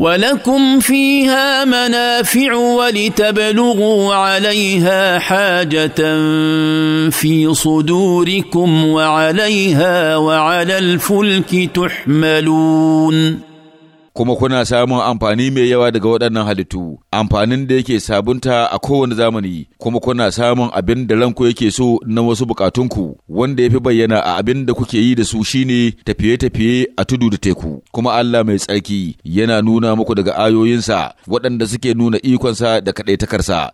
ولكم فيها منافع ولتبلغوا عليها حاجة في صدوركم وعليها وعلى الفلك تحملون kuma kuna samun amfani mai yawa daga waɗannan halittu amfanin da yake sabunta a kowane zamani kuma kuna samun abin da ranku yake so na wasu bukatunku wanda ya fi bayyana a abin da kuke yi da su shine tafiye-tafiye a tudu da teku kuma Allah mai tsarki yana nuna muku daga ayoyinsa waɗanda suke nuna ikonsa da kaɗaitakarsa